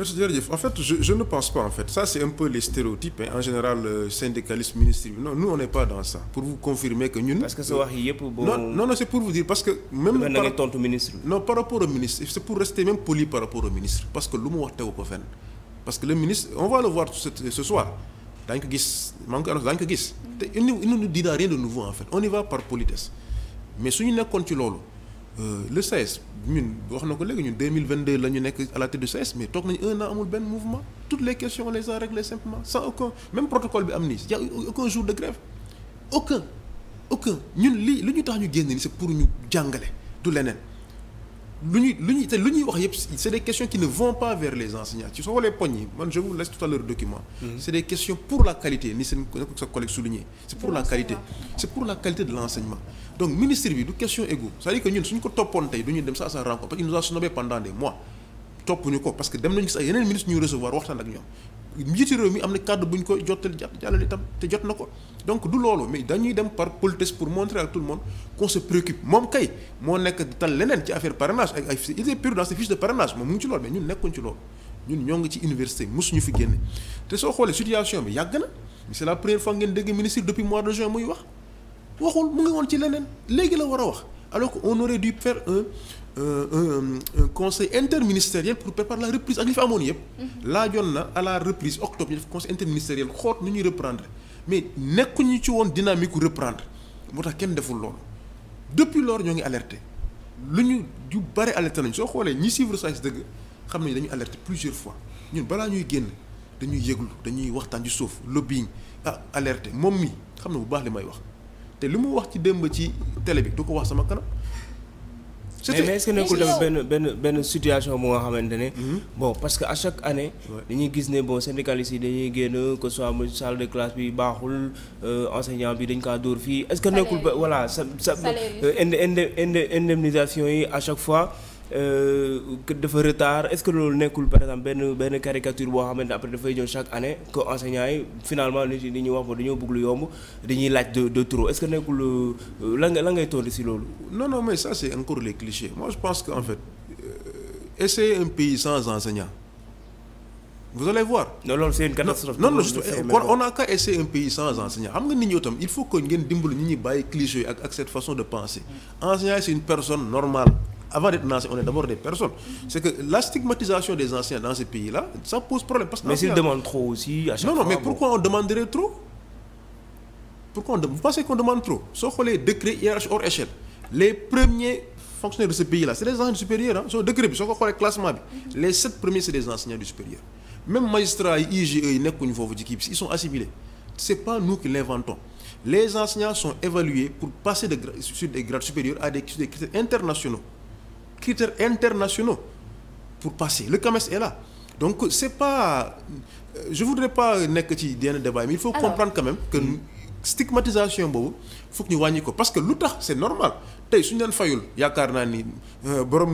merci jërëjëf en fait je je ne pense pas en fait ça en général syndicalisme ministre bi non nous on pas dans ça pour vous confirmer que ñun. parce que c'est pour vous dire parce que. même par rapport au ministre c'est pour rester même poli par rapport au ministre parce que lu mu wax tegu ko fenn parce que le ministre on va le voir ce ce soir. daañu ko gis man ko daañu ko gis te il ne nous dira rien de nouveau en fait on y va par politesse mais suñu nekkoon loolu Euh, le CES ñun wax na ko léegi ñun 2022 mille ñu nekk à la tête du CES mais toog nañu un an amul benn mouvement toutes les questions on les a réglées simplement sans aucun même protocole bi am nii y a jour de grève aucun aucun ñun lii li ñu tax ñu génn ni c'est pour ñu jàngale du leneen lu ñuy lu ñuy te lu ñuy wax yëpp c' est des questions qui ne vont pas vers les enseignants ci soo xoolee poñ yi man je vous laisse document mm-hmm. c' est des pour la qualité ni seen sa collègue souligné c' est pour la qualité c' pour la qualité de l' donc ministre bi du question égo cest à que ñun suñu ko toppoon tey du ñu dem sa sa rencontre parce que il nous a snobé pendant des mois topp ñu ko parce que dem nañu gis ak ñoom njiiti réew mi am na kàddu bu ñu ko jottali jàllale itam te jot na ko donc du loolu mais dañuy dem par politesse pour montrer à tout le monde qu'on se préoccupe moom kay moo nekk tal leneen ci affaire parrainage ak ay il est pur dans ses fiches de parrainage moom mu ngi ci loolu mais ñun nekkuñ ci loolu ñun ñoo ci université mosuñu fi génne te soo xoolee situation bi yàgg na c'est la première fois ngeen dégg ministre depuis mois de juin muy wax waxul mu ngi un euh, euh, euh, conseil interministériel pour préparer la reprise ak li fa amoon yëpp. laajoon na à la reprise octobre ñu def conseil interministériel xoot nu ñuy reprendre mais nekkuñu ci woon dynamique reprendre moo tax kenn deful loolu depuis lors ñoo ngi alerte lu ñu ju bare alerté nañu soo xoolee ñi suivre SAES dëgg xam nañu dañu alerte plusieurs fois ñun balaa ñuy génn dañuy yëglu dañuy waxtaan ci suuf lobbying ah alerté moom mi xam na bu baax li may wax te li mu wax ci démb ci télé bi du ko wax sama kanam. mais mais est-ce que nekkul tamit benn benn benn situation bu nga xamante ne. Mhm. bon parce que à chaque année. dañuy gis ne bon syndicalistes yi dañuy génn que soit mu salle de classe bi baaxul euh, enseignant bi dañ kaa dóor fii est-ce que nekkul ba voilà sa sa euh, indemnisation yi à chaque fois. que euh, dafa retard est-ce que loolu nekkul par exemple benn benn caricature boo xamante ne après dafay ñëw chaque année que enseignants yi finalement li ñuy wax ba dañoo bëgg lu yomb dañuy laaj de trop est-ce que nekkul euh, lan nga lan ngay tontu si loolu. non non mais ça c'est encore les clichés moi je pense que en fait euh, essayer pays sans enseignants vous allez voir. non loolu c'est une catastrophe. non non kon on a qu'à essayer un pays sans enseignants xam nga nit ñi tam il de penser mm. une personne normale. avant d'être un ancien, on est d'abord des personnes. C'est que la stigmatisation des anciens dans ces pays-là, ça pose problème. Parce que Non, non, mais pourquoi on demanderait trop Pourquoi on demande Vous pensez qu'on demande trop Sauf les décrets IRH hors échelle. Les premiers fonctionnaires de ce pays-là, c'est des enseignants du supérieur. Hein? Sur le décret, sur le classement, les sept premiers, c'est des enseignants du supérieur. Même magistrats, IGE, ils sont assimilés. Ce n'est pas à des, critères internationaux pour passer le CAMES est là donc c'est pas euh, je voudrais pas nekk ci yenn débat mais il faut Alors, comprendre quand même que mm. stigmatisation boobu foog ñu wàññi ko parce que lu tax c'est normal tey suñu leen fayul yaakaar naa ni euh, borom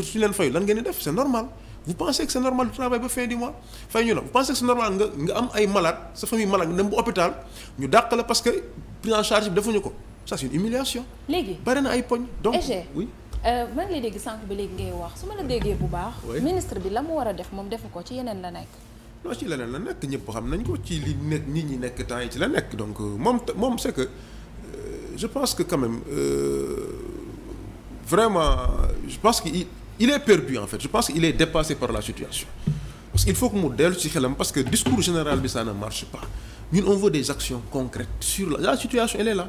suñu leen fayul lan ngeen di def c'est normal vous pensez que c'est normal de travailler ba fin du mois fay ñu la vous pensez que c'est normal nga nga am ay malade sa famille malade nga dem bu hôpital ñu dàq la parce que prise defuñu ko ça c'est léegi bari na ay poñ donc Euh, maa ngi lay dégg sànq ba léegi ngay wax su ma la déggee bu baax. ministre bi la mu war a def moom defu ko ci yeneen la nekk. non ci leneen la nekk ñëpp xam nañ ko ci li nekk nit ñi nekk temps yi ci la nekk donc euh, moom moom c'est que euh, je pense que quand même vraiment je pense que il est perdu en fait je pense qu'il est dépassé par la situation parce que il faut que mu dellu ci xelam parce que discours général bi ça ne marche pas ñun on veut des actions concrètes sur la la situation elle est là.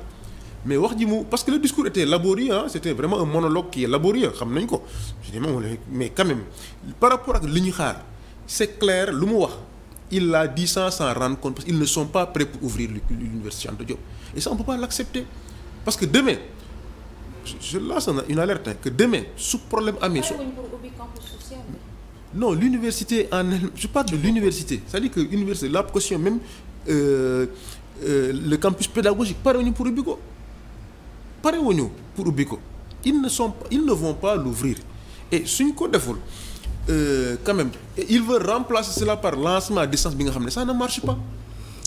mais wax ji mu parce que le discours était laborieux ah c'était vraiment un monologue qui est laborieux xam nañ ko je mais quand même par rapport ak li ñu xaar c'est clair lu mu wax il l'a dit sans s'en rendre compte parce qu'ils ne sont pas prêts pour ouvrir l'université Anta Diop et ça on peut pas l'accepter parce que demain je lance une su problème amee su non l'université en je parle de l'université c'est-à-dire que université la question même euh, euh, le campus pédagogique pare ñu pour ubbi ko pare ñëw pour ubbi ko ils ne sont ils ne vont pas l'ouvrir et suñ ko deful euh, quand même il veut remplacer cela par lancement à distance bi nga xam ne ça ne marche pas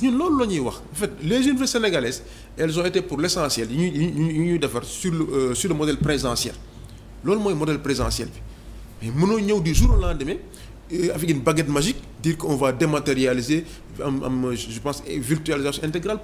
loolu la ñuy wax en fait les universités sénégalaises elles ont été pour l'essentiel yi ñu yi ñuy defar sur le euh, sur le modèle présentiel loolu mooy modèle présentiel bi mais mënoo ñëw di jour au lendemain euh, avec une baguette magique dire qu'on va dématérialiser am am je pense virtualisation intégrale